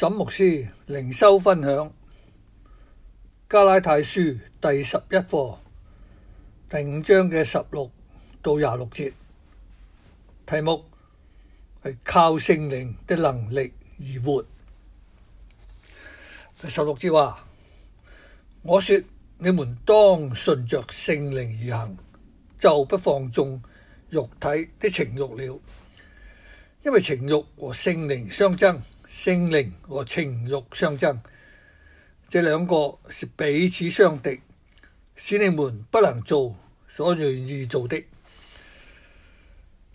沈牧師靈修分享《加拉太書》第十一課，第五章嘅十六到廿六節，題目係靠聖靈的能力而活。第十六節話：我說你們當順着聖靈而行，就不放縱肉體的情欲了，因為情欲和聖靈相爭。性靈和情欲相爭，這兩個是彼此相敵，使你們不能做所願意做的。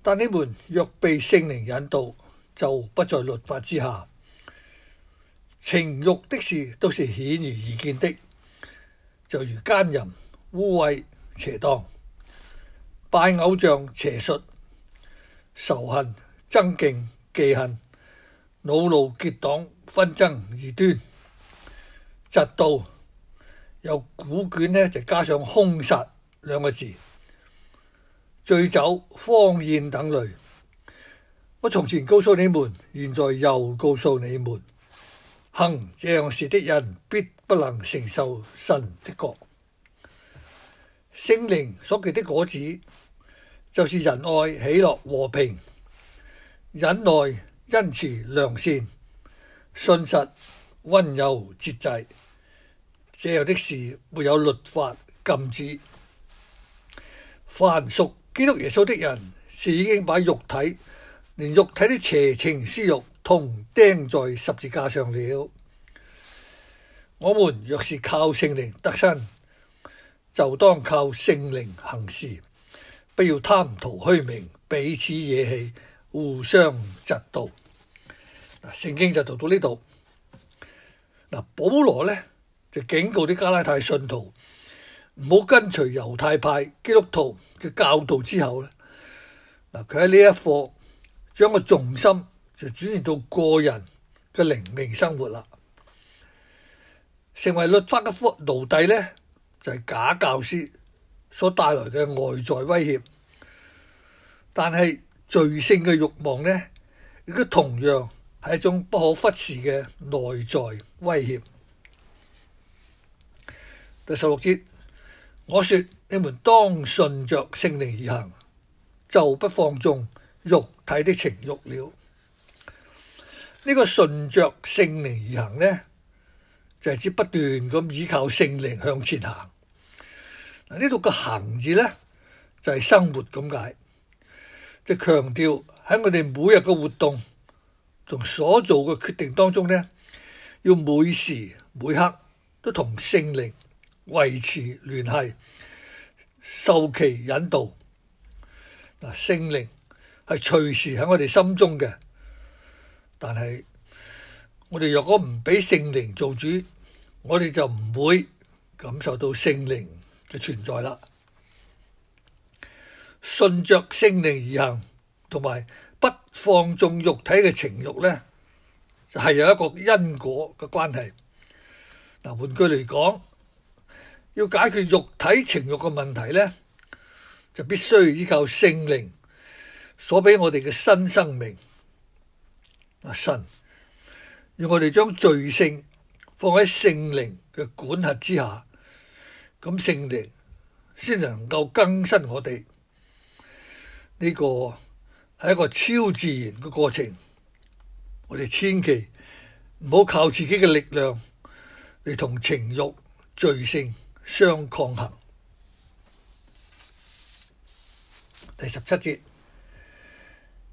但你們若被聖靈引導，就不在律法之下。情欲的事都是顯而易見的，就如姦淫、污穢、邪蕩、拜偶像、邪術、仇恨、爭競、忌恨。惱怒、結黨、紛爭、異端、嫉妒，有古卷呢，就加上兇殺兩個字，醉酒荒宴等類。我從前告訴你們，現在又告訴你們，行這樣事的人必不能承受神的國。聖靈所結的果子，就是仁愛、喜樂、和平、忍耐。因持良善、信實溫柔節制，這樣的事沒有律法禁止。凡屬基督耶穌的人，是已經把肉體連肉體的邪情私欲同釘在十字架上了。我們若是靠聖靈得生，就當靠聖靈行事，不要貪圖虛名，彼此惹氣。互相窒道，嗱，聖經就讀到呢度，嗱，保羅咧，就警告啲加拉太信徒唔好跟隨猶太派基督徒嘅教導之後咧，嗱，佢喺呢一課將個重心就轉移到個人嘅靈命生活啦，成為律法嘅奴隸咧，就係假教師所帶來嘅外在威脅，但係。罪性嘅慾望呢，亦都同樣係一種不可忽視嘅內在威脅。第十六節，我說你們當順着聖靈而行，就不放縱肉體的情慾了。呢個順着聖靈而行呢，就係指不斷咁依靠聖靈向前行。嗱，呢度個行字呢，就係生活咁解。即強調喺我哋每日嘅活動同所做嘅決定當中咧，要每時每刻都同聖靈維持聯繫，受其引導。嗱，聖靈係隨時喺我哋心中嘅，但係我哋若果唔俾聖靈做主，我哋就唔會感受到聖靈嘅存在啦。順著聖靈而行，同埋不放縱肉體嘅情慾咧，就係有一個因果嘅關係。嗱，換句嚟講，要解決肉體情慾嘅問題咧，就必須依靠聖靈所俾我哋嘅新生命。啊，神，要我哋將罪性放喺聖靈嘅管轄之下，咁聖靈先能夠更新我哋。呢個係一個超自然嘅過程，我哋千祈唔好靠自己嘅力量嚟同情慾罪性相抗衡。第十七節，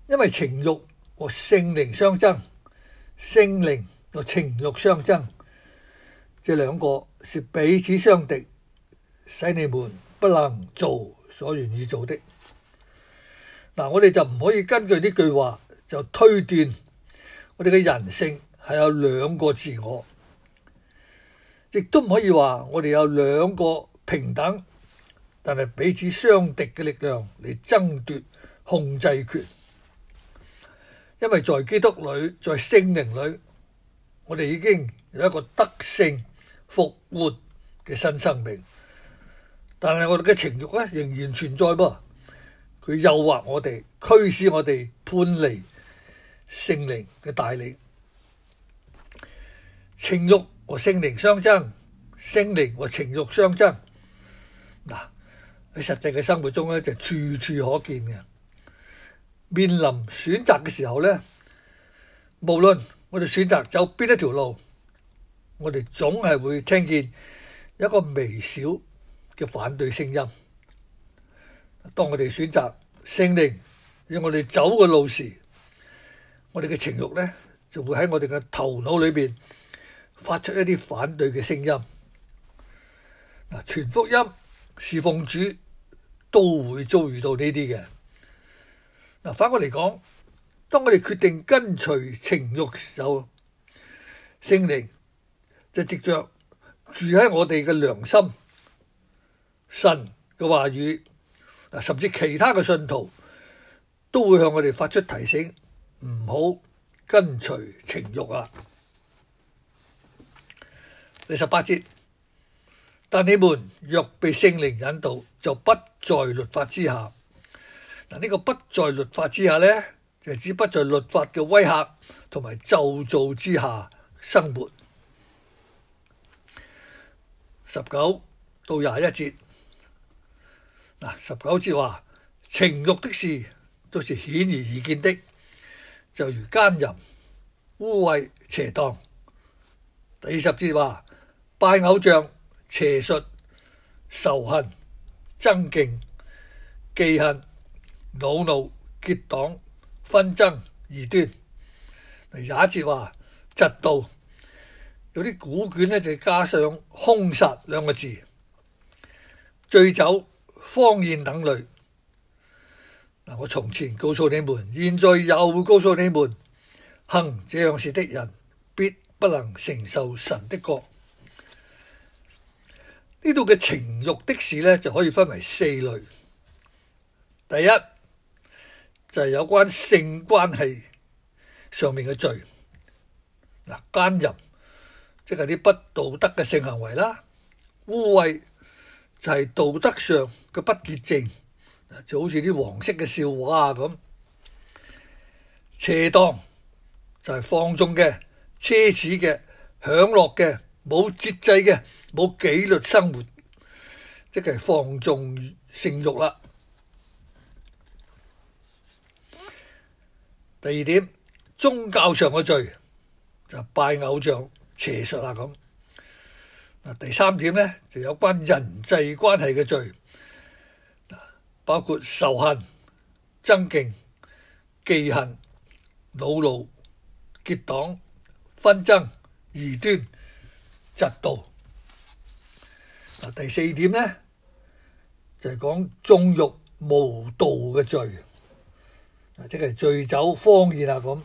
因為情慾和聖靈相爭，聖靈和情慾相爭，這兩個是彼此相敵，使你們不能做所願意做的。嗱，我哋就唔可以根據呢句話就推斷我哋嘅人性係有兩個自我，亦都唔可以話我哋有兩個平等，但係彼此相敵嘅力量嚟爭奪控制權，因為在基督裏，在聖靈裏，我哋已經有一個得勝復活嘅新生命，但係我哋嘅情慾咧仍然存在噃。佢誘惑我哋，驅使我哋叛離聖靈嘅帶領，情慾和聖靈相爭，聖靈和情慾相爭。嗱，喺實際嘅生活中咧，就處處可見嘅。面臨選擇嘅時候咧，無論我哋選擇走邊一條路，我哋總係會聽見一個微小嘅反對聲音。當我哋選擇聖靈，要我哋走嘅路時，我哋嘅情欲咧就會喺我哋嘅頭腦裏邊發出一啲反對嘅聲音。嗱，傳福音侍奉主，都會遭遇到呢啲嘅。嗱，反過嚟講，當我哋決定跟隨情欲嘅時候，聖靈就直着住喺我哋嘅良心、神嘅話語。甚至其他嘅信徒都會向我哋發出提醒，唔好跟隨情慾啊！第十八節，但你們若被聖靈引導，就不在律法之下。嗱，呢個不在律法之下呢，就指不在律法嘅威嚇同埋咒詛之下生活。十九到廿一節。嗱，十九字話情慾的事都是顯而易見的，就如奸淫、污穢、邪蕩。第二十字話拜偶像、邪術、仇恨、爭競、忌恨、惱怒、結黨、紛爭、異端。第廿一字話嫉妒，有啲古卷呢，就加上兇殺兩個字，醉酒。方言等類。嗱，我從前告訴你們，現在又會告訴你們，行這樣事的人，必不能承受神的國。呢度嘅情欲的事呢，就可以分為四類。第一就係、是、有關性關係上面嘅罪，嗱奸淫，即係啲不道德嘅性行為啦，污穢。就係道德上嘅不潔淨，就好似啲黃色嘅笑話啊咁；邪蕩就係放縱嘅、奢侈嘅、享樂嘅、冇節制嘅、冇紀律生活，即係放縱性慾啦。第二點，宗教上嘅罪就係拜偶像、邪術啊咁。嗱，第三點咧，就有關人際關係嘅罪，包括仇恨、爭競、忌恨、惱怒、結黨、紛爭、異端、嫉妒。嗱，第四點咧，就係講縱慾無道嘅罪，即係醉酒荒宴。嗰種。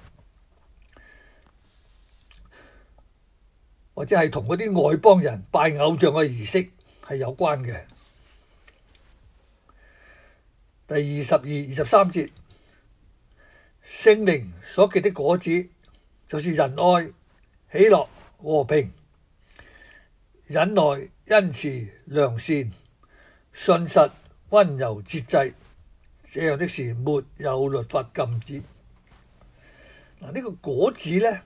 或者係同嗰啲外邦人拜偶像嘅儀式係有關嘅。第二十二、二十三節，聖靈所結的果子，就是仁愛、喜樂、和平、忍耐、恩慈、良善、信實、温柔、節制。這樣的事沒有律法禁止。嗱，呢個果子呢，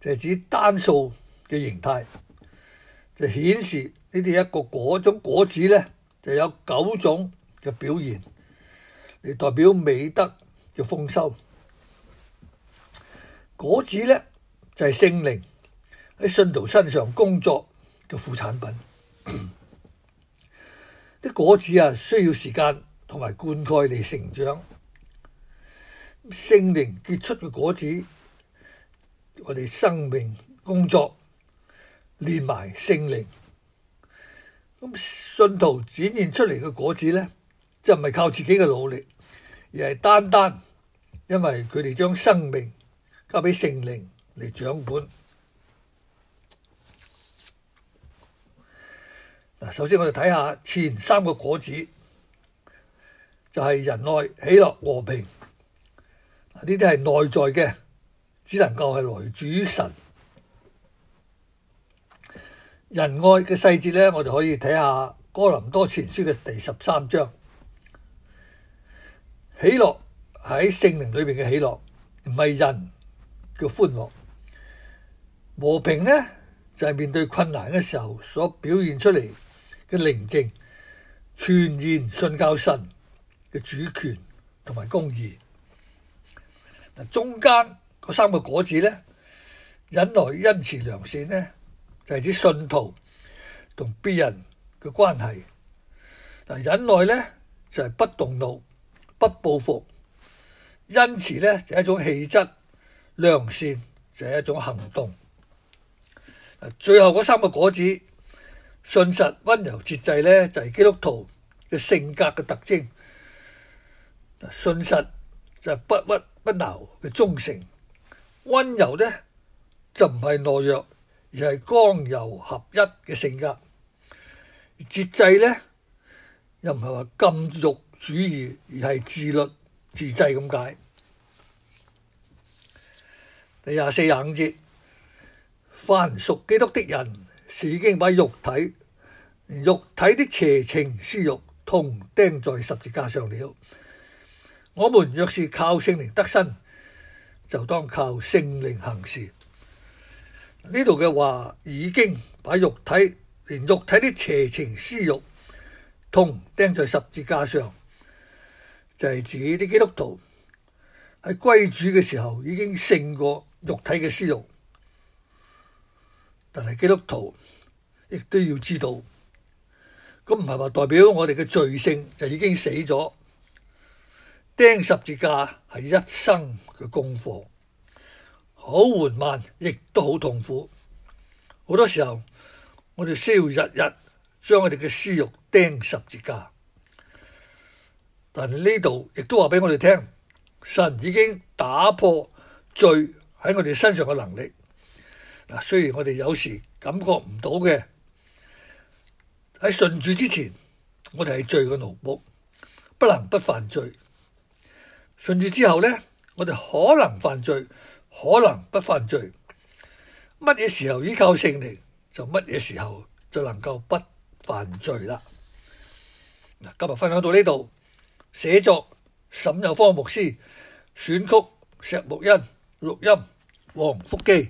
就係指單數。嘅形態就顯示呢啲一個果種果子呢，就有九種嘅表現嚟代表美德嘅豐收。果子呢，就係聖靈喺信徒身上工作嘅副產品。啲果子啊，需要時間同埋灌溉嚟成長。聖靈結出嘅果子，我哋生命工作。連埋聖靈，咁信徒展現出嚟嘅果子呢就唔係靠自己嘅努力，而係單單因為佢哋將生命交俾聖靈嚟掌管。嗱，首先我哋睇下前三個果子，就係、是、仁愛、喜樂、和平。呢啲係內在嘅，只能夠係來主神。仁愛嘅細節呢，我哋可以睇下《哥林多前書》嘅第十三章，喜樂喺聖靈裏邊嘅喜樂，唔係人叫歡樂；和平呢，就係、是、面對困難嘅時候所表現出嚟嘅寧靜，全然信靠神嘅主權同埋公義。嗱，中間嗰三個果子呢，忍耐恩慈良善呢。就係指信徒同別人嘅關係。嗱，忍耐呢就係不動怒、不報復，恩慈呢就係一種氣質，良善就係一種行動。最後嗰三個果子，信實、温柔、節制呢就係基督徒嘅性格嘅特徵。信實就係不屈不撓嘅忠誠，温柔呢就唔係懦弱，而係剛柔合一嘅性格，節制呢，又唔係話禁欲主義，而係自律自制咁解。第廿四廿五節，凡屬基督的人，是已經把肉體、肉體啲邪情私慾同釘在十字架上了。我們若是靠聖靈得身，就當靠聖靈行事。呢度嘅話已經把肉體連肉體啲邪情私慾同釘在十字架上，就係、是、自己啲基督徒喺歸主嘅時候已經勝過肉體嘅私慾，但係基督徒亦都要知道，咁唔係話代表我哋嘅罪性就已經死咗，釘十字架係一生嘅功課。好緩慢，亦都好痛苦。好多時候，我哋需要日日將我哋嘅私欲釘十字架。但係呢度亦都話俾我哋聽，神已經打破罪喺我哋身上嘅能力。嗱，雖然我哋有時感覺唔到嘅，喺順住之前，我哋係罪嘅奴僕，不能不犯罪。順住之後咧，我哋可能犯罪。可能不犯罪，乜嘢時候依靠聖靈，就乜嘢時候就能夠不犯罪啦。嗱，今日分享到呢度，寫作沈有科牧師，選曲石木欣，錄音黃福基。